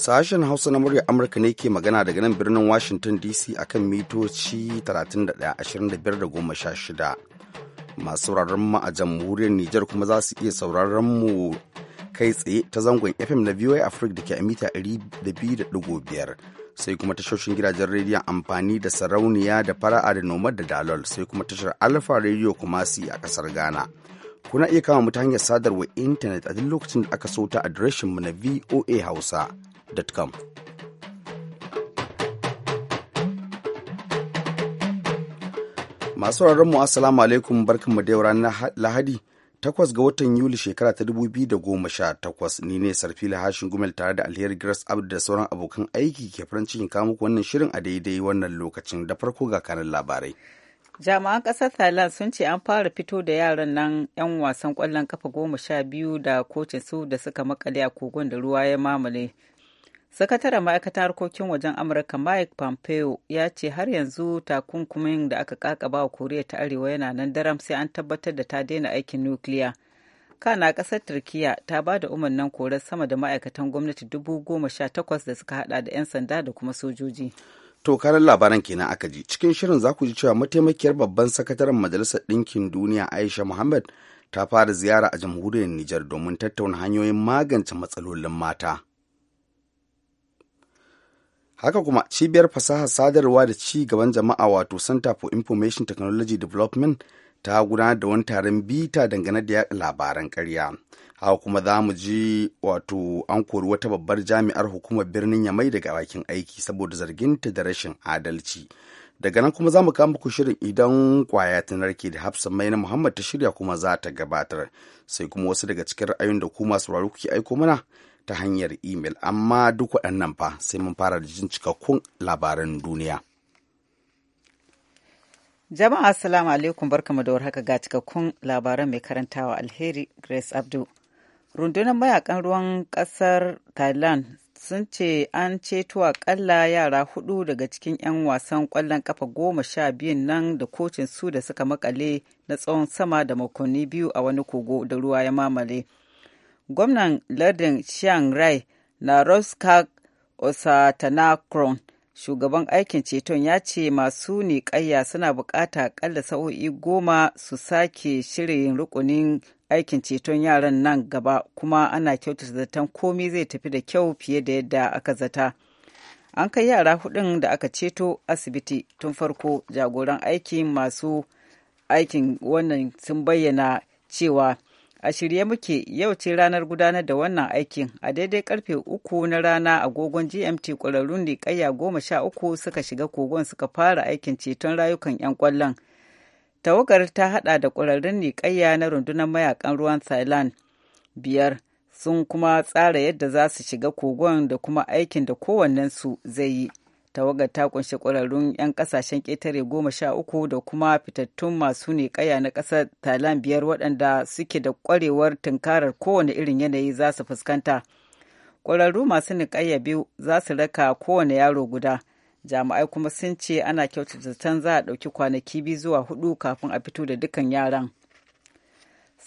Sashen Hausa na murya Amurka ne ke magana daga nan birnin Washington DC a kan mitoci 31-25-16. Masu sauraron mu a jamhuriyar Nijar kuma za su iya sauraron mu kai tsaye ta zangon FM na VOA Africa da ke a mita 200.5 sai kuma tashoshin gidajen rediyon amfani da sarauniya da fara'a da nomad da dalol sai kuma tashar Alfa rediyo Kumasi a kasar Ghana. kuna iya kama mu ta hanyar sadarwar intanet a duk lokacin da aka so ta adireshinmu na voa hausa amurka.com. Masu mu Assalamu alaikum barkanmu da yau ranar Lahadi takwas ga watan Yuli shekara ta dubu biyu da goma sha takwas ni ne sarfi lahashin gumel tare da alheri Gras Abdu da sauran abokan aiki ke farin cikin ku wannan shirin a daidai wannan lokacin da farko ga kanan labarai. Jami'an ƙasar Thailand sun ce an fara fito da yaran nan 'yan wasan ƙwallon kafa goma sha biyu da kocin su da suka makale a kogon da ruwa ya mamale sakataren ma'aikatar harkokin wajen amurka mike pompeo ya ce har yanzu takunkumin da aka kakaba wa koriya ta arewa yana nan daram sai an tabbatar da ta daina aikin nukiliya kana kasar turkiya ta ba da umarnin korar sama da ma'aikatan gwamnati dubu goma sha takwas da suka hada da 'yan sanda da kuma sojoji to karan labaran kenan aka ji cikin shirin za ku ji cewa mataimakiyar babban sakataren majalisar ɗinkin duniya aisha muhammad ta fara ziyara a jamhuriyar nijar domin tattauna hanyoyin magance matsalolin mata haka kuma cibiyar fasahar sadarwa da ci gaban jama'a wato center for information technology development ta gudanar da wani taron bita dangane da yaɗa labaran karya haka kuma za mu ji wato an kori wata babbar jami'ar hukumar birnin yamai daga bakin aiki saboda zarginta da rashin adalci daga nan kuma za mu kama ku shirin idan kwaya ta narke da hafsa mai na muhammad ta shirya kuma za ta gabatar sai kuma wasu daga cikin ra'ayin da ku masu kuke aiko mana ta hanyar imel amma duk waɗannan fa sai mun fara da jin cikakkun labaran duniya jama'a assalamu alaikum barkamu da warhaka ga cikakkun labaran mai karantawa alheri grace abdu rundunar mayakan ruwan kasar thailand sun ce an ceto akalla yara hudu daga cikin 'yan wasan kwallon kafa goma sha biyun nan da kocin su da suka makale na tsawon sama da makonni biyu a wani kogo da ruwa ya mamale gwamnan lardin chiang rai na roskak osatanakron shugaban aikin ceton ya ce masu niƙayya suna bukata ƙalla sa'o'i goma su sake shirin rukunin aikin ceton yaran nan gaba kuma ana kyautata zaton komi zai tafi da kyau fiye da yadda aka zata an kai yara hudun da aka ceto asibiti tun farko jagoran aikin masu aikin wannan sun bayyana cewa a shirye muke yau ce ranar gudanar da wannan aikin a daidai karfe uku na rana agogon gmt kwararrun liƙayya goma sha uku suka shiga kogon suka fara aikin ceton rayukan 'yan kwallon tawagar ta hada da kwararrun liƙayya na rundunar mayakan ruwan thailand biyar sun kuma tsara yadda za su shiga kogon da kuma aikin da kowannensu zai yi tawagar ta kunshi kwararrun 'yan kasashen ƙetare goma sha uku da kuma fitattun masu ne kaya na ƙasar talan biyar waɗanda suke da ƙwarewar tunkarar kowane irin yanayi za su fuskanta ƙwararru masu kaya biyu za su raka kowane yaro guda jami'ai kuma sun ce ana kyautata zaton za a ɗauki kwanaki biyu zuwa hudu kafin a fito da dukkan yaran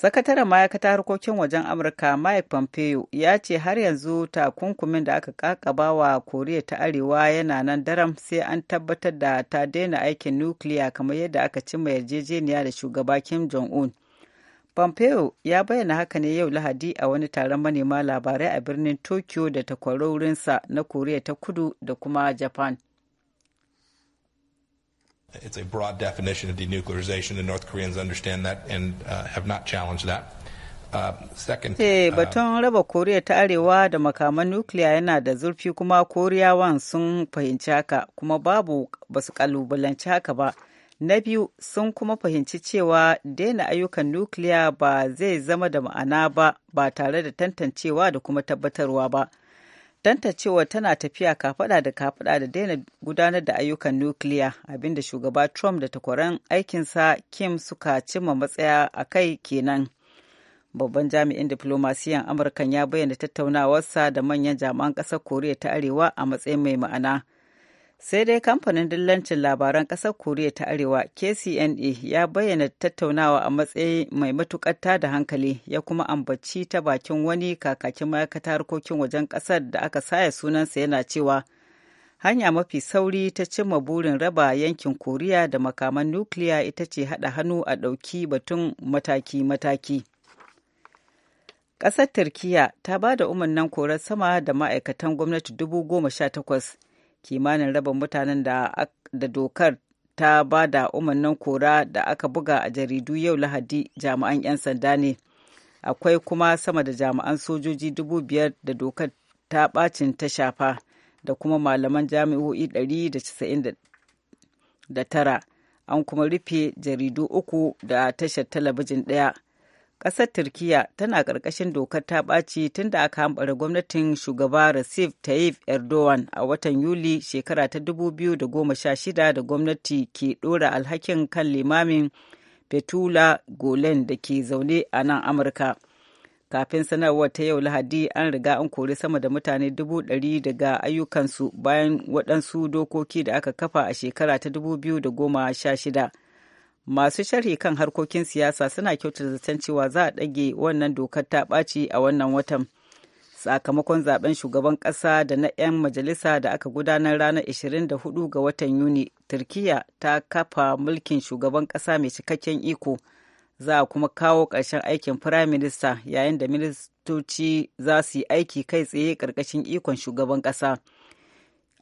Sakataren ma'aikata harkokin wajen Amurka Mike Pompeo ya ce har yanzu takunkumin da aka kakaba wa Koriya ta Arewa yana nan daram sai an tabbatar da ta daina aikin nukiliya kamar yadda aka cimma yarjejeniya da shugaba Kim Jong-un. Pompeo ya bayyana haka ne yau Lahadi a wani taron manema labarai a birnin Tokyo da takwarorinsa na Koriya ta Kudu da kuma Japan. It's a broad definition of denuclearization, and North Koreans understand that and uh, have not challenged that. Uh, ce eh, uh, baton raba koriya ta arewa da makaman nukiliya yana da zurfi kuma koriyawan sun fahimci haka kuma babu basu su kalubalanci haka ba na biyu sun kuma fahimci cewa daina ayyukan nukiliya ba zai zama da ma'ana ba ba tare da tantancewa da kuma tabbatarwa ba cewa tana tafiya kafada da kafada da daina gudanar da ayyukan nukiliya abinda shugaba trump da takwaran aikinsa kim suka cimma matsaya a kai kenan babban jami'in diplomasiyan amurkan ya bayyana tattaunawarsa da manyan jami'an ƙasar koriya ta arewa a matsayin mai ma'ana sai dai kamfanin dillancin labaran ƙasar koriya ta arewa kcna ya bayyana tattaunawa a matsayi mai matuƙar da hankali ya kuma ambaci ta bakin wani kakakin ma'aikata harkokin wajen ƙasar da aka saya sunansa yana cewa hanya mafi sauri ta cimma burin raba yankin koriya da makaman nukiliya ita ce haɗa hannu a ɗauki batun mataki-mataki ƙasar turkiya ta ba da umarnin korar sama da ma'aikatan gwamnati dubu goma sha takwas kimanin rabin mutanen da dokar ta ba da umarnin kora da aka buga a jaridu yau lahadi jami'an 'yan sanda ne akwai kuma sama da jami'an sojoji dubu biyar da dokar ta bacin ta shafa da kuma malaman jami'o'i da 199 an kuma rufe jaridu uku da tashar talabijin ɗaya ƙasar turkiya tana ƙarƙashin dokar ta ɓaci tun da aka hambara gwamnatin shugaba recep tayyip erdogan a watan yuli shekara ta 2016 da gwamnati ke ɗora alhakin kan limamin fetula golen da ke zaune a nan amurka kafin sanarwar ta yau lahadi an riga an kori sama da mutane dubu daga ayyukansu bayan waɗansu dokoki da aka kafa a shekara ta 2016 masu sharhi kan harkokin siyasa suna kyautata zaton cewa za a ɗage wannan dokar ta ɓaci a wannan watan sakamakon zaben shugaban ƙasa da na 'yan majalisa da aka gudanar ranar 24 ga watan yuni turkiya ta kafa mulkin shugaban ƙasa mai cikakken iko za a kuma kawo ƙarshen aikin firaminista yayin da ministoci za su yi aiki kai tsaye ƙarƙashin ikon shugaban ƙasa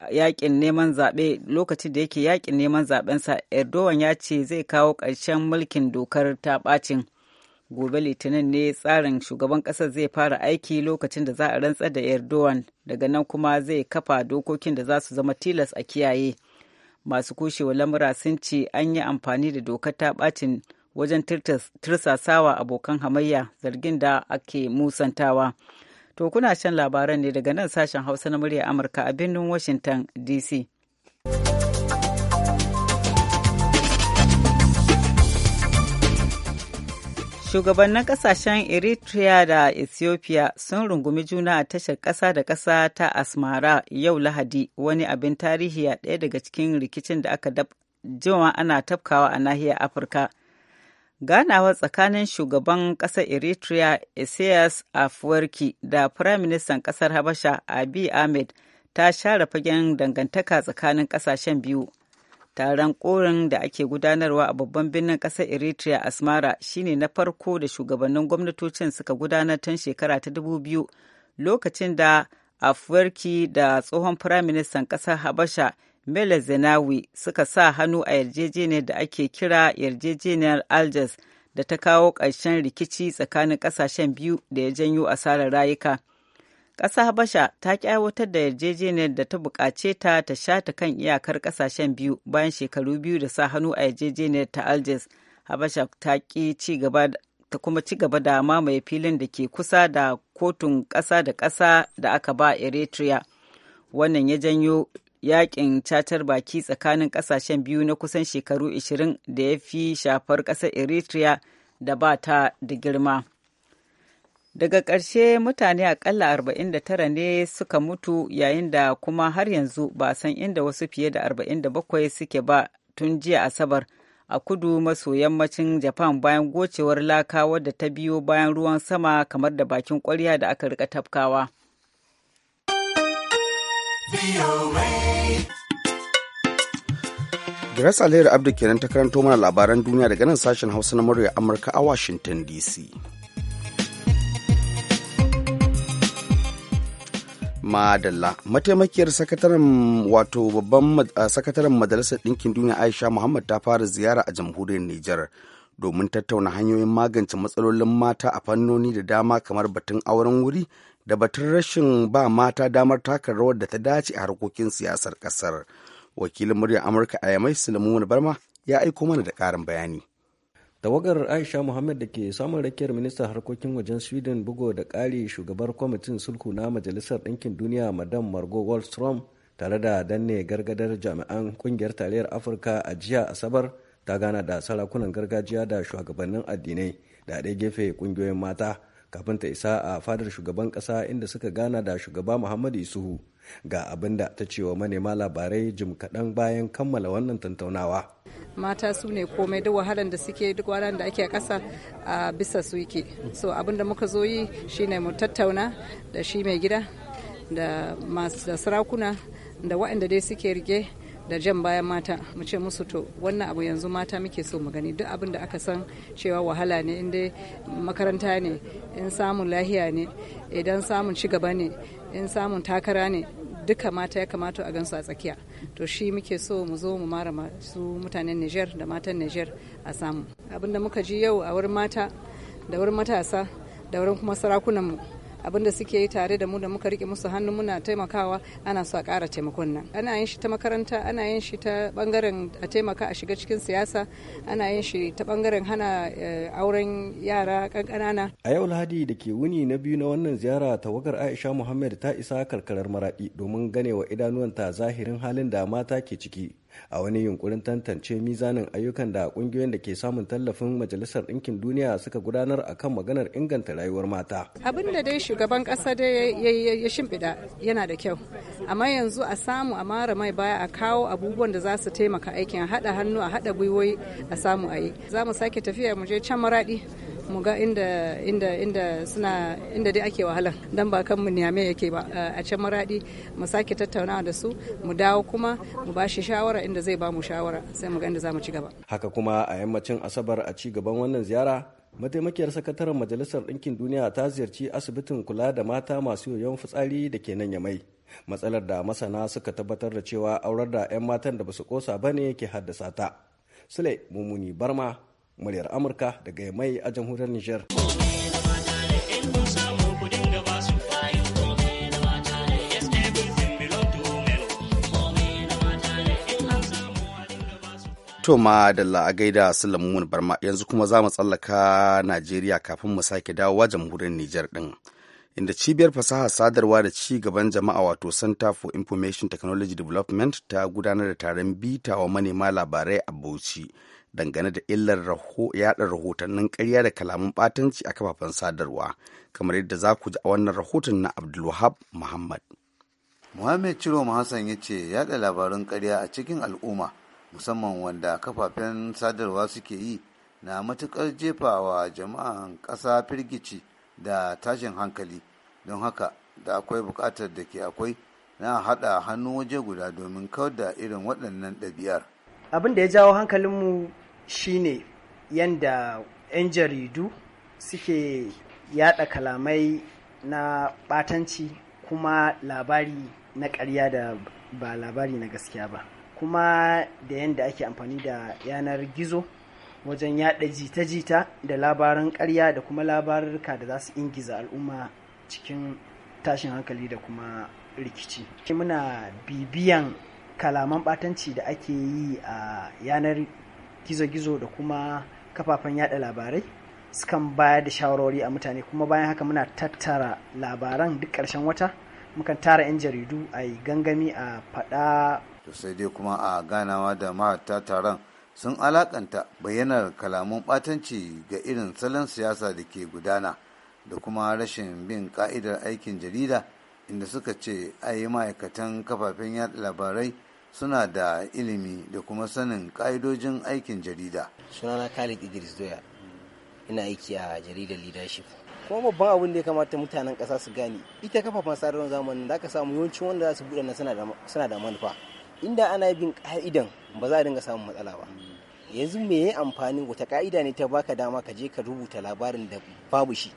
yakin neman zaɓe lokacin da yake yakin neman zaɓensa erdogan ya ce zai kawo ƙarshen mulkin dokar ta ɓacin gobe litinin ne tsarin shugaban ƙasar zai fara aiki lokacin da za a rantsar da erdogan daga nan kuma zai kafa dokokin da za su zama tilas a kiyaye masu kushewa lamura sun ce an yi amfani da dokar ta ɓacin wajen tirsasawa abokan hamayya zargin da ake musantawa. To kuna shan labaran ne daga nan sashen Hausa na murya Amurka a birnin Washington DC. Shugabannin kasashen Eritrea da Ethiopia sun rungumi juna a tashar ƙasa da ƙasa ta Asmara yau Lahadi wani abin tarihi a ɗaya daga cikin rikicin da aka jima ana tafkawa a nahiyar Afirka. ganawa tsakanin shugaban ƙasar eritrea isaias afwerki da firaministan ƙasar habasha abiy ahmed ta share fagen dangantaka tsakanin ƙasashen biyu taron korin da ake gudanarwa a babban birnin ƙasar eritrea asmara shine na farko da shugabannin gwamnatocin suka gudanar tun shekara ta 2000 lokacin da afwerki da tsohon firaministan ƙasar habasha Bello Zenawi suka sa hannu a yarjejeniyar da ake kira yarjejeniyar Algiers da ta kawo ƙarshen rikici tsakanin ƙasashen biyu da ya janyo asarar rayuka. Ƙasa Habasha ta aiwatar da yarjejeniyar da ta buƙace ta ta shata kan iyakar ƙasashen biyu bayan shekaru biyu da sa hannu a yarjejeniyar ta Algiers. Habasha ta ƙi ci gaba ta kuma ci gaba da mamaye filin da ke kusa da kotun ƙasa da ƙasa da aka ba Eritrea. Wannan ya janyo yakin catar baki tsakanin kasashen biyu na kusan shekaru 20 da ya fi shafar ƙasar eritrea da ba ta da girma daga ƙarshe mutane aƙalla 49 ne suka mutu yayin da kuma har yanzu ba san inda wasu fiye da 47 suke ba tun jiya asabar a kudu maso yammacin japan bayan gocewar laka wadda ta biyo bayan ruwan sama kamar da bakin ƙwarya da aka rika tafkawa. Grace Alheri Abdu kenan ta karanto mana labaran duniya daga nan sashen Hausa na murya Amurka a Washington DC. Madalla, mataimakiyar sakataren wato babban sakataren Majalisar Ɗinkin Duniya Aisha Muhammad ta fara ziyara a jamhuriyar Nijar domin tattauna hanyoyin magance matsalolin mata a fannoni da dama kamar batun auren wuri da batun rashin ba mata damar taka rawar da ta dace a harkokin siyasar kasar wakilin muryar amurka a yamai sulaiman barma ya aiko mana da karin bayani tawagar aisha muhammad da ke samun rakiyar ministan harkokin wajen sweden bugo da kari shugabar kwamitin sulhu na majalisar ɗinkin duniya madam margo wallstrom tare da danne gargadar jami'an kungiyar tarayyar afirka a jiya asabar ta gana da sarakunan gargajiya da shugabannin addinai da ɗaya gefe ƙungiyoyin mata kafin ta isa a fadar shugaban ƙasa inda suka gana da shugaba Muhammadu Isuhu ga abin da ta cewa manema labarai jim kaɗan bayan kammala wannan tattaunawa. Mata su ne komai duk wahalar da suke duk wahalar da ake ƙasa a bisa su yake. So abin da muka zo yi shine mu tattauna da shi mai gida da masu sarakuna da waɗanda dai suke rige da jan bayan mata mu ce musu to wannan abu yanzu mata muke so mu gani duk abin da aka san cewa wahala ne in dai makaranta ne in samun lahiya ne idan samun ci gaba ne in samun takara ne duka mata ya kamata a gansu a tsakiya to shi muke so mu zo mu mara su mutanen Niger da matan Niger a samu abinda muka ji yau a wurin mata da wurin matasa da wurin kuma sarakunanmu abin da suke yi tare da mu da muka rike musu hannu muna taimakawa ana so a ƙara taimakon nan ana yin shi ta makaranta ana yin shi ta bangaren a taimaka a shiga cikin siyasa ana yin shi ta bangaren hana eh, auren yara kankanana a yau lahadi da ke wuni na biyu na wannan ziyara tawagar aisha muhammad ta isa karkarar maradi domin ganewa idanuwanta zahirin halin da mata ke ciki a wani yunkurin tantance mizanin ayyukan da kungiyoyin da ke samun tallafin majalisar ɗinkin duniya suka gudanar a kan maganar inganta rayuwar mata abin da dai shugaban ƙasa dai ya shimfiɗa yana da kyau amma yanzu a samu a mara mai baya a kawo abubuwan da za su taimaka aikin haɗa hannu a haɗa gwiwoyi a samu a yi za mu sake tafiya mu je can maraɗi mu ga inda inda inda suna inda dai ake wahalar dan ba kanmu niyame yake ba a can maradi mu sake tattaunawa da su mu dawo kuma mu ba shi shawara inda zai ba mu shawara sai mu ga inda za mu ci gaba haka kuma a yammacin asabar a ci gaban wannan ziyara mataimakiyar sakataren majalisar ɗinkin duniya ta ziyarci asibitin kula da mata masu yoyon fitsari da ke nan ya mai matsalar da masana suka tabbatar da cewa aurar da 'yan matan da basu kosa ba ne ke haddasa ta sule mummuni barma muryar amurka daga mai a jamhuriyar niger To ma da la'agaida Sulaimun Barma yanzu kuma za mu tsallaka Najeriya kafin mu sake dawowa jamhuriyar Nijar din. Inda cibiyar fasaha sadarwa da ci gaban jama'a wato Center for Information Technology Development ta gudanar da taron bita wa manema labarai a Bauchi dangane da illar yada rahotannin karya da kalaman ɓatanci a kafafen sadarwa kamar yadda za ku ji a wannan rahoton na abdulwahab muhammad muhammed ciroma hassan ya ce yada labarun karya a cikin al'umma musamman wanda kafafen sadarwa suke yi na matuƙar jefawa jama'an ƙasa firgici da tashin hankali don haka da akwai buƙatar da ke akwai na haɗa hannu waje guda domin kawar da irin waɗannan ɗabi'ar Abinda ya jawo hankalinmu shine yanda 'yan jaridu suke yada kalamai na batanci kuma labari na ƙarya da ba labari na gaskiya ba kuma da yadda ake amfani da yanar gizo wajen yada jita-jita da labaran ƙarya da kuma labarurka da za su ingiza al'umma cikin tashin hankali da kuma rikici muna bibiyan kalaman batanci da ake yi a yanar gizo-gizo da kuma kafafen yada labarai sukan bayar da shawarwari a mutane kuma bayan haka muna tattara labaran duk ƙarshen wata mukan tara 'yan jaridu a yi gangami a faɗa to sai dai kuma a ganawa da mahatta taron sun alakanta bayyanar kalamun ɓatanci ga irin salon siyasa da ke gudana da kuma rashin bin ka'idar aikin jarida inda suka ce a yi ma'aikatan kafafen yada labarai suna da ilimi da kuma sanin ƙa'idojin aikin jarida. Sunana Khalid Idris Doya, ina aiki a jaridar leadership. Kuma babban abin da ya kamata mutanen ƙasa su gane, ita kafafen sadarwar zamanin da aka samu yawancin wanda za su buɗe na suna da manufa. Inda ana bin ƙa'idan ba za a dinga samun matsala ba. Yanzu me ya amfani wata ka'ida ne ta baka dama ka je ka rubuta labarin da babu shi.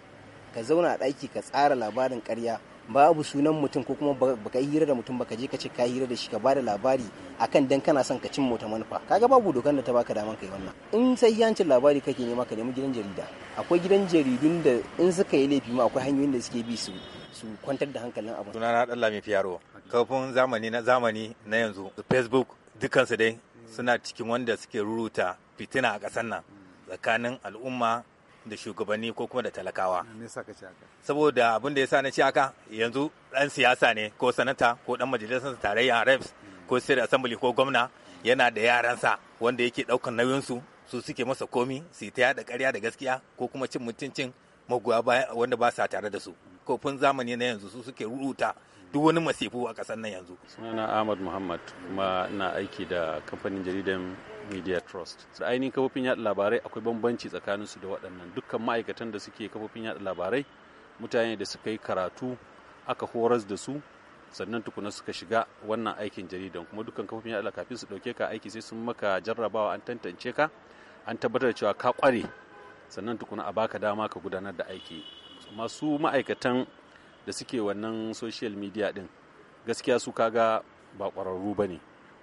Ka zauna a ɗaki ka tsara labarin karya. babu sunan mutum ko kuma baka yi hira da mutum baka je ka ce ka hira da shi ka bada labari akan dan kana son ka cin mota manufa kaga babu dokar da ta baka daman kai wannan in sai yancin labari kake nema ka nemi gidan jarida akwai gidan jaridun da in suka yi laifi ma akwai hanyoyin da suke bi su su kwantar da hankalin abin sunana dalla mai fiyaro kafin zamani na zamani na yanzu facebook dukansu dai suna cikin wanda suke ruruta fitina a ƙasar nan tsakanin al'umma da shugabanni ko kuma da talakawa. Saboda abin da ya sa na ci haka yanzu ɗan siyasa ne ko sanata ko ɗan majalisar tarayya reps mm. ko state assembly ko gwamna yana da yaransa wanda yake ɗaukan nauyinsu su suke masa komi su ta yada ƙarya da gaskiya ko kuma cin mutuncin magoya wanda ba sa tare da su. Kofin zamani na yanzu su suke rubuta duk wani masifu a ƙasar nan yanzu. Sunana Ahmad Muhammad kuma na aiki da kamfanin jaridan Media Trust. Da ainihin kafofin yada labarai akwai bambanci tsakanin su da waɗannan dukkan ma'aikatan da suke kafofin yada labarai mutane da suka yi karatu aka horas da su sannan tukuna suka shiga wannan aikin jaridan kuma dukkan kafofin yada kafin su ɗauke ka aiki sai sun maka jarrabawa an tantance ka an tabbatar cewa ka ƙware sannan tukuna a baka dama ka gudanar da aiki masu ma'aikatan da suke wannan social media din gaskiya su kaga ba kwararru ba ne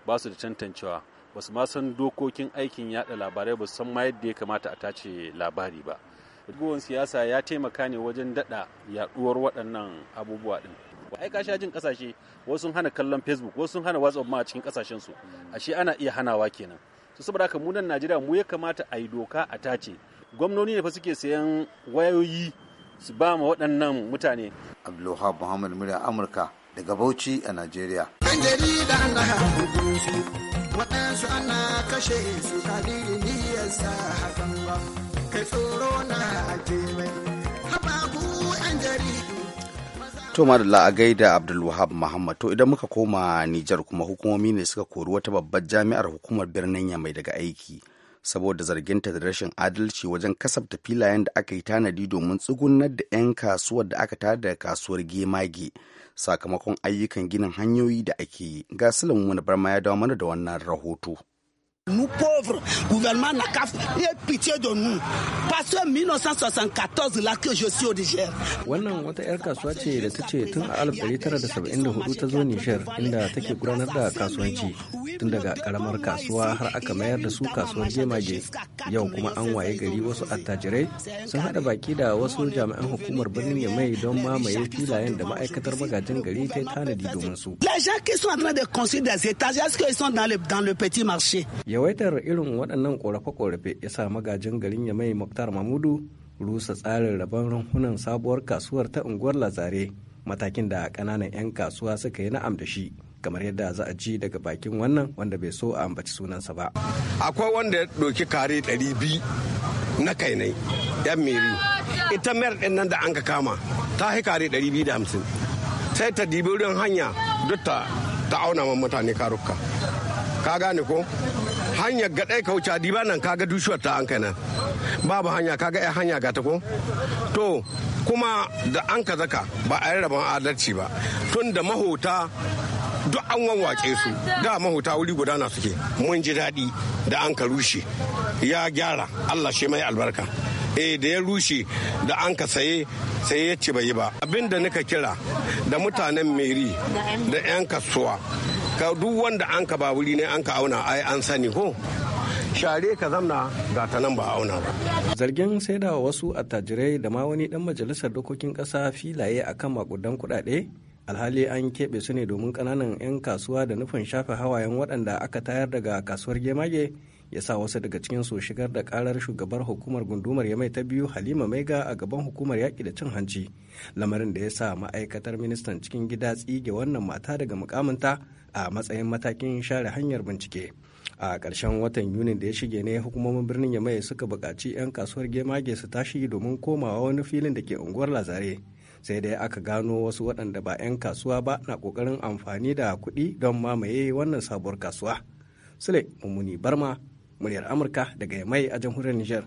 ba su da tantancewa ba su ma san dokokin aikin yada labarai ba su san ma yadda ya kamata a tace labari ba gowon siyasa ya taimaka ne wajen daɗa yaɗuwar waɗannan abubuwa ɗin ai kasha jin kasashe wasu hana kallon facebook wasu hana whatsapp ma a cikin kasashen su ashe ana iya hanawa kenan su saboda haka mu nan najeriya mu ya kamata a yi doka a tace gwamnoni ne fa suke sayan wayoyi su ba mu waɗannan mutane abdulwahab muhammad Mura amurka daga bauchi a najeriya waɗansu ana kashe To madalla a gaida Abdulwahab Muhammad to idan muka koma Nijar kuma hukumomi ne suka kori wata babbar jami'ar hukumar birnin Yamai daga aiki saboda zarginta da rashin adalci wajen kasafta filayen da aka yi tanadi domin tsugunar da 'yan kasuwar da aka tada da kasuwar gemage sakamakon ayyukan ginin hanyoyi da ake yi ga silin wani barma ya dawo mana da wannan rahoto Nous pauvres, gouvernement NACAF, ayez pitié de nous. Parce que 1974 là que je suis au Niger. Wannan wata 'yar kasuwa ce da ta ce tun a 1974 ta zo Niger inda take gudanar da kasuwanci tun daga karamar kasuwa har aka mayar da su kasuwar jemage yau kuma an waye gari wasu attajirai sun hada baki da wasu jami'an hukumar birnin ya mai don mamaye filayen da ma'aikatar magajin gari ta tanadi domin su. Les gens qui sont en train de construire des étages, est-ce qu'ils sont dans le, dans le petit marché? yawaitar irin waɗannan ƙorafe-ƙorafe ya sa magajin garin ya mai muktar mamudu rusa tsarin rabon runhunan sabuwar kasuwar ta unguwar lazare matakin da ƙananan 'yan kasuwa suka yi na'am da shi kamar yadda za a ji daga bakin wannan wanda bai so a ambaci sunansa ba akwai wanda ya ɗauki kare 200 na kainai yan meri ita mayar ɗin nan da an ka kama ta yi kare 250 sai ta dibi hanya duk ta auna mutane karuka ka gane ko hanya ga ɗaya ka wuce diba nan kaga dushuwar ta an kana babu hanya kaga ɗaya hanya ga ta ko to kuma da an ka zaka ba a yi rabon adalci ba tun da mahota duk an wanwace su da mahota wuri guda gudana suke mun ji daɗi da an ka rushe ya gyara allah shi mai albarka e da ya rushe da an ka saye sai ya ci bai yi ba abin da nika kira da mutanen meri da 'yan kasuwa ka duk wanda an ka ba wuri ne an ka auna ai an sani ko share ka zamna ga ta nan ba a auna ba zargin saida wa wasu attajirai da ma wani dan majalisar dokokin kasa filaye akan makudan kuɗaɗe alhali an keɓe su ne domin ƙananan 'yan kasuwa da nufin shafe hawayen waɗanda aka tayar daga kasuwar gemage ya sa wasu daga cikin su shigar da karar shugabar hukumar gundumar ya mai ta biyu halima maiga a gaban hukumar yaƙi da cin hanci lamarin da ya sa ma'aikatar ministan cikin gida tsige wannan mata daga mukaminta a matsayin matakin share hanyar bincike a ƙarshen watan yunin da ya shige ne hukumomin birnin yamai suka buƙaci 'yan kasuwar gemage su tashi domin komawa wani filin da ke unguwar lazare sai dai aka gano wasu waɗanda ba 'yan kasuwa ba na ƙoƙarin amfani da kuɗi don mamaye wannan sabuwar kasuwa sule mummuni barma muryar amurka daga yamai a jamhuriyar niger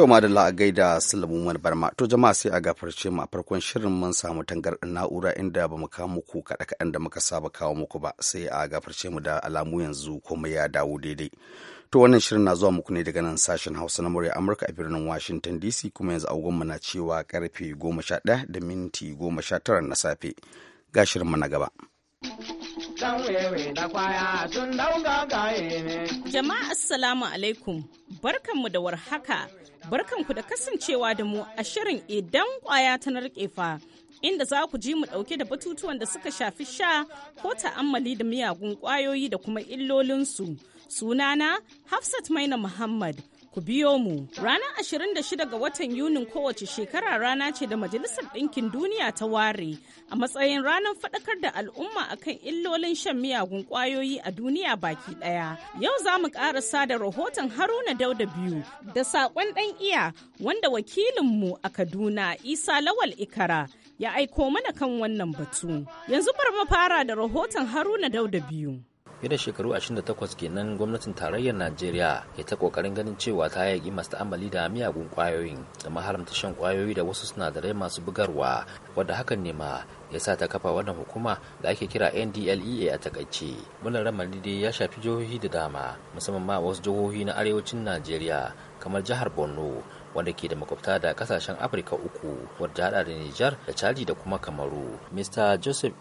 To madalla a gaida Sulaiman Barma. To jama'a sai a gafarce mu a farkon shirin mun samu tangarɗin na'ura inda ba mu kawo muku kaɗa kaɗan da muka saba kawo muku ba sai a gafarce mu da alamu yanzu komai ya dawo daidai. To wannan shirin na zuwa muku ne daga nan sashen Hausa na murya Amurka a birnin Washington DC kuma yanzu mu na cewa karfe goma sha ɗaya da minti goma sha tara na safe. Ga shirin mu na gaba. Jama'a Assalamu alaikum, barkanmu da warhaka, barkanku da kasancewa da mu a shirin idan kwaya ta narkefa. Inda za ku ji mu ɗauke da batutuwan da suka shafi sha ko ta'ammali da miyagun ƙwayoyi da kuma illolinsu. Sunana Hafsat Maina Muhammad. Ku biyo mu ranar 26 ga watan Yunin kowace shekara rana ce da Majalisar Ɗinkin Duniya ta ware a matsayin ranar faɗakar da al'umma a kan illolin shan miyagun ƙwayoyi a duniya baki ɗaya. Yau za mu ƙarasa da rahoton Haruna Dauda biyu da saƙon ɗan iya wanda wakilinmu a Kaduna Isa Lawal Ikara ya aiko mana kan wannan batu. Yanzu bar mu fara da rahoton Haruna Dauda biyu. fiye da shekaru 28 kenan gwamnatin tarayyar najeriya ya ta kokarin ganin cewa ta yaƙi masu ta'amali da miyagun kwayoyin da maharamta shan kwayoyi da wasu sinadarai masu bugarwa wadda hakan ne ma ya sa ta kafa wannan hukuma da ake kira ndlea a takaice wannan ramari dai ya shafi jihohi da dama musamman ma wasu jihohi na arewacin najeriya kamar jihar borno wanda ke da makwabta da kasashen afirka uku wadda hada da nijar da chadi da kuma kamaru mr joseph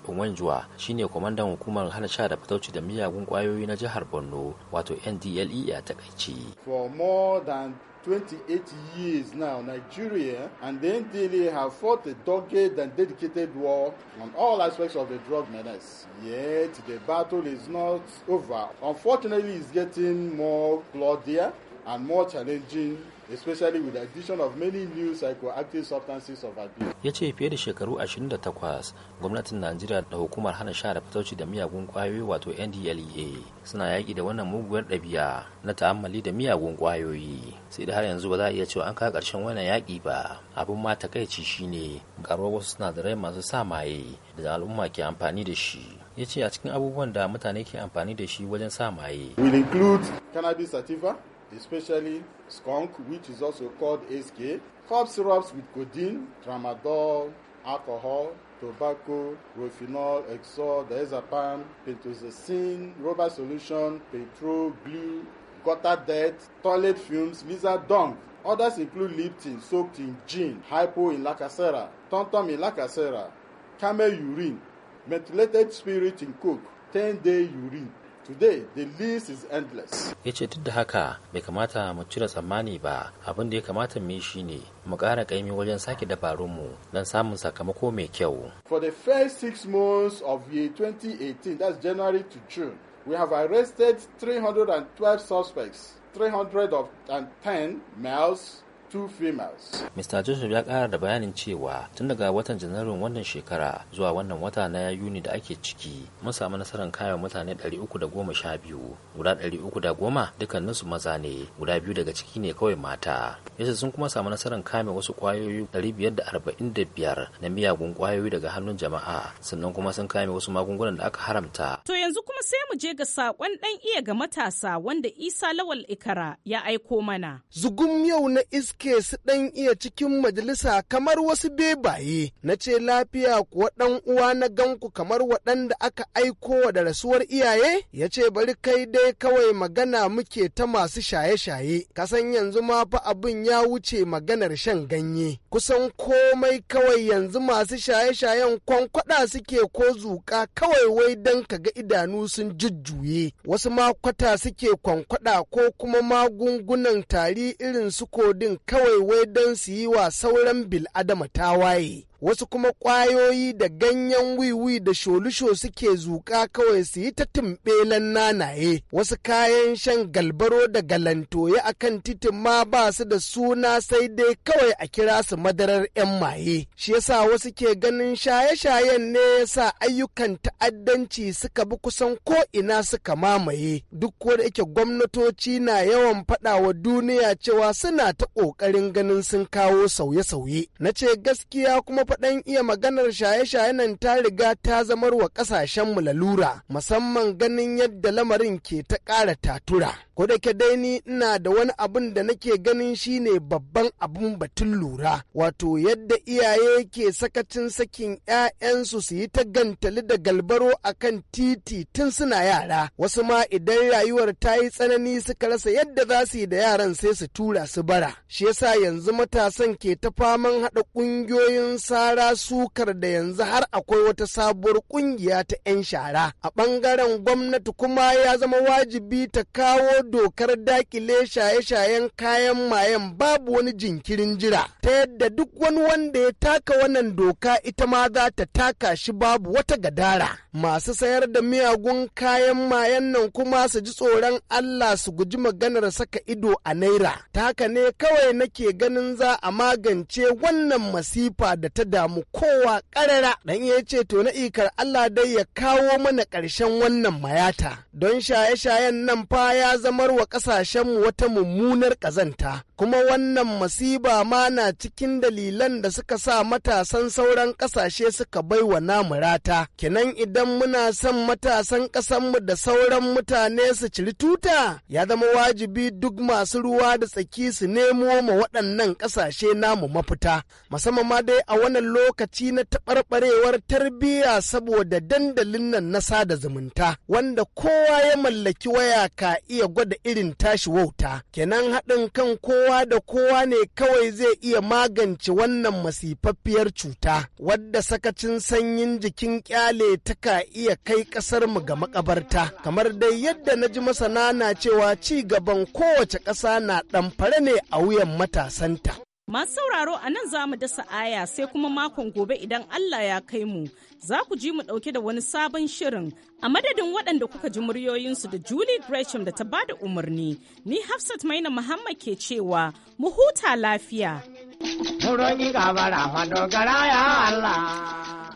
shine kwamandan hukumar hana sha da fitauci da miyagun kwayoyi na jihar borno wato ndle a takaici for more than 28 years now, Nigeria and the NDLA have fought a dogged and dedicated war on all aspects of the drug menace. Yet the battle is not over. Unfortunately, it's getting more bloodier and more challenging especially with the of many new psychoactive substances of Ya ce fiye da shekaru 28 gwamnatin Najeriya da hukumar hana sha da fitauci da miyagun kwayoyi wato NDLEA suna yaƙi da wannan muguwar ɗabi'a na ta'ammali da miyagun kwayoyi. Sai da har yanzu ba za a iya cewa an kawo ƙarshen wannan yaƙi ba. Abin ma takaici shine karuwar wasu sinadarai masu sa maye da al'umma ke amfani da shi. Ya ce a cikin abubuwan da mutane ke amfani da shi wajen sa maye. Will include cannabis sativa, especially skunk, which is also called SK, cough syrups with codeine, tramadol, alcohol, tobacco, rofinol, exor, diazepam, pentosacin, rubber solution, petrol, glue, gutter dirt, toilet fumes, lizard dung. Others include Lipton soaked in gin, hypo in lacacera, tom in lacacera, camel urine, methylated spirit in coke, ten day urine. Today, the list is endless. Ya ce duk da haka bai kamata mu cire tsammani ba abin da ya kamata mu yi mu ƙara ƙaimi wajen sake dabarunmu don samun sakamako mai kyau. For the first six months of year 2018, that's January to June, we have arrested 312 suspects, 310 males, two females. Mr. Joseph ya kara da bayanin cewa tun daga watan Janairun wannan shekara zuwa wannan wata na Yuni da ake ciki mun samu nasarar kaya mutane 312 guda 310 dukkaninsu maza ne guda biyu daga ciki ne kawai mata. Yasa sun kuma samu nasarar kame wasu kwayoyi 545 na miyagun kwayoyi daga hannun jama'a sannan kuma sun kame wasu magungunan da aka haramta. To yanzu kuma sai mu je ga sakon ɗan iya ga matasa wanda Isa Lawal Ikara ya aiko mana. Zugum yau na iska suke su ɗan iya cikin majalisa kamar wasu bebaye na ce lafiya kuwa ɗan uwa na ganku kamar waɗanda aka aiko da rasuwar iyaye ya ce bari kai dai kawai magana muke ta masu shaye-shaye kasan yanzu ma fa abin ya wuce maganar shan ganye kusan komai kawai yanzu masu shaye-shayen kwankwada suke ko zuƙa kawai wai don kaga idanu sun jujjuye wasu ma kwata suke kwankwada ko kuma magungunan tari irin su kodin kawai wai don su yi wa sauran bil'adama tawaye wasu kuma ƙwayoyi da ganyen wiwi da sholisho suke zuƙa kawai su yi ta timɓelen nanaye wasu kayan shan galbaro da galantoye a kan titin ma ba su da suna sai dai kawai a kira su madarar 'yan maye shi yasa wasu ke ganin shaye-shayen ne yasa ayyukan ta'addanci suka bi kusan ko ina suka mamaye duk ko da yake gwamnatoci na yawan faɗa wa duniya cewa suna ta ƙoƙarin ganin sun kawo sauye-sauye na ce gaskiya kuma faɗan iya maganar shaye-shaye nan ta riga ta zamar wa ƙasashenmu lalura musamman ganin yadda lamarin ke ta ƙara tatura. Ko da ke dai ni ina da wani abin da nake ganin shine babban abin batun lura wato yadda iyaye ke sakacin sakin 'ya'yansu su yi ta gantali da galbaro kan titi tun suna yara wasu ma idan rayuwar ta yi tsanani suka rasa yadda za su yi da yaran sai su tura su bara shi yasa yanzu matasan ke ta faman haɗa ƙungiyoyin sa sara sukar da yanzu har akwai wata sabuwar kungiya ta 'yan shara a bangaren gwamnati kuma ya zama wajibi ta kawo dokar dakile shaye-shayen kayan mayan babu wani jinkirin jira ta yadda duk wani wanda ya taka wannan doka ita ma za ta taka shi babu wata gadara masu sayar da miyagun kayan mayan nan kuma su ji tsoron Allah su guji maganar saka ido a naira ta haka ne kawai nake ganin za a magance wannan masifa da ta damu kowa karara dan ya ce to na ikar Allah dai ya kawo mana ƙarshen wannan mayata don shaye-shayen nan fa ya zamar wa ƙasashenmu wata mummunar ƙazanta kuma wannan masiba ma na cikin dalilan da suka sa matasan sauran ƙasashe suka bai wa namu rata kenan idan muna son matasan ƙasanmu da sauran mutane su ciri tuta ya zama wajibi duk masu ruwa da tsaki su nemo ma waɗannan ƙasashe namu mafita musamman ma dai a wannan lokaci na taɓarɓarewar tarbiyya saboda dandalin nan na sada zumunta wanda kowa ya mallaki waya ka iya gwada irin tashi wauta kenan haɗin kan kowa kowa da kowa ne kawai zai iya magance wannan masifaffiyar cuta wadda sakacin sanyin jikin kyale ta ka iya kai kasar mu ga makabarta kamar dai yadda na ji masana na cewa ci gaban kowace ƙasa na ɗamfare ne a wuyan matasanta Masu sauraro a nan za mu dasa aya sai kuma makon gobe idan Allah ya kai mu za ku ji mu ɗauke da wani sabon shirin a madadin waɗanda kuka ji muryoyinsu da Julie Gresham da ta ba da umarni. Ni Hafsat Maina Muhammad ke cewa mu huta lafiya.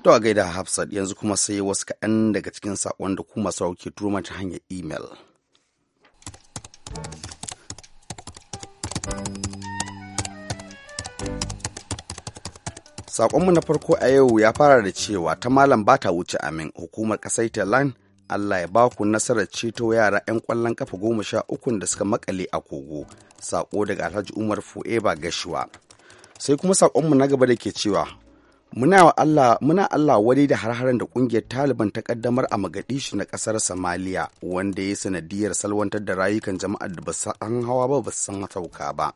To a gaida Hafsat yanzu kuma sai wasu kaɗan daga cikin saƙon da kuma sauke turma ta hanyar imel. Saƙonmu na farko a yau ya fara da cewa ta malam ba ta wuce amin hukumar ƙasar Thailand Allah ya ba ku nasarar ceto yara 'yan kwallon kafa goma sha ukun da suka makale a kogo. Saƙo daga Alhaji Umar Fu'eba Gashuwa. Sai kuma saƙonmu na gaba da ke cewa muna wa Allah muna Allah wani da har da kungiyar Taliban ta kaddamar a Mogadishu na kasar Somalia wanda ya sanadiyar salwantar da rayukan jama'ar da ba an hawa ba ba san sauka ba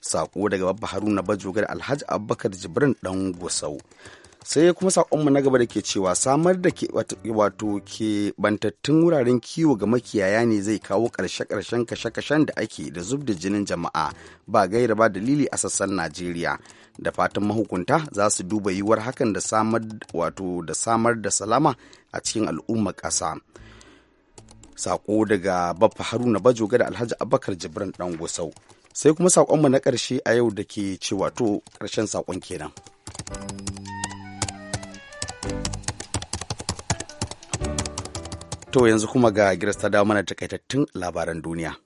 sako daga babba Haruna Bajogar Alhaji Abubakar Jibrin dan Gusau sai kuma sakonmu na gaba da ke cewa samar da ke wato ke bantattun wuraren kiwo ga makiyaya ne zai kawo ƙarshe karshen kashe-kashen da ake da zub da jinin jama'a ba gaira ba dalili a sassan Najeriya da fatan mahukunta za su duba yiwuwar hakan da samar wato da samar da salama a cikin al'ummar ƙasa sako daga baffa haruna bajo da alhaji abakar jibran dan gusau sai kuma sakonmu na ƙarshe a yau da ke ce wato ƙarshen sakon kenan to yanzu kuma ga girsta da mana takaitattun labaran duniya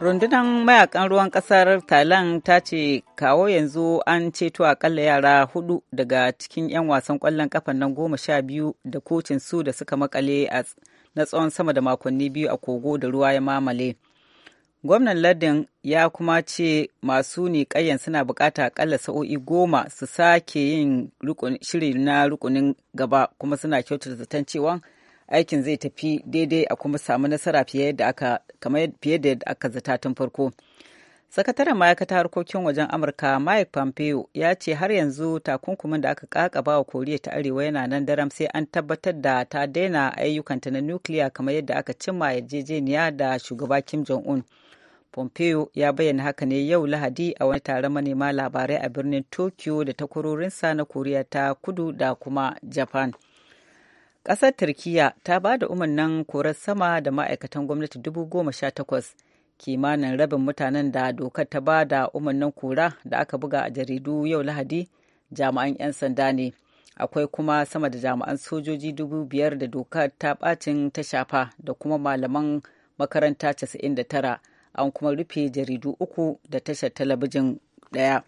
rundunar mayakan ruwan kasar thailand ta ce kawo yanzu an ceto akalla yara hudu daga cikin 'yan wasan kwallon kafa nan goma sha biyu da kocin su da suka makale a na tsawon sama da makonni biyu a kogo da ruwa ya mamale gwamnan ladin ya kuma ce masu kayan suna bukata akalla sa'o'i goma su sake yin shiri na rukunin gaba kuma suna kyautata zaton cewa aikin zai tafi daidai a kuma samu nasara fiye da aka aka zata tun farko sakataren ma'aikatar harkokin wajen amurka mike pompeo ya ce har yanzu takunkumin da aka kakaba wa koriya ta arewa yana nan daram sai an tabbatar da ta daina ayyukanta na nukiliya kamar yadda aka cimma yarjejeniya da shugaba kim jong-un pompeo ya bayyana haka ne yau lahadi a wani taron manema labarai a birnin tokyo da takwarorinsa na koriya ta kudu da kuma japan Ƙasar Turkiyya ta ba da umarnin korar sama da ma'aikatan gwamnati dubu goma sha takwas kimanin rabin mutanen da dokar ta ba da umarnin kora da aka buga a jaridu yau Lahadi jami'an 'yan sanda ne. Akwai kuma sama da jami'an sojoji dubu biyar da dokar ta bacin ta shafa da kuma malaman makaranta 99 an kuma rufe jaridu uku da tashar talabijin ɗaya.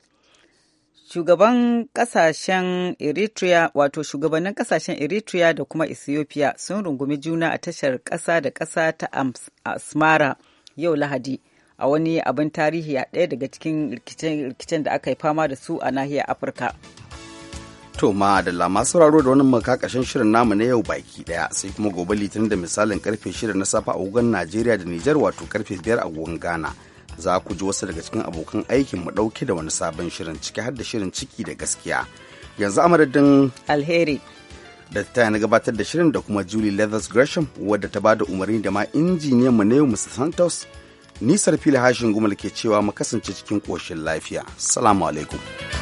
shugaban kasashen eritrea wato shugabannin kasashen eritrea da kuma ethiopia sun rungumi juna a tashar kasa da kasa ta asmara yau lahadi a wani abin tarihi a ɗaya daga cikin rikicen da aka yi fama da su a nahiyar afirka to ma da lama sauraro da wani makakashin shirin namu na yau baki daya sai kuma gobe litinin da misalin karfe shirin na safa a wugan najeriya da nijar wato karfe biyar a wugan ghana za ku ji wasu daga cikin abokan aikin mu ɗauke da wani sabon shirin ciki har da shirin ciki da gaskiya yanzu amadadin alheri da ta na gabatar da shirin da kuma julie leathers gresham wadda ta bada umarni da ma injiniyan mu na mr santos nisar fili hashin gumal ke cewa mu kasance cikin koshin lafiya salamu alaikum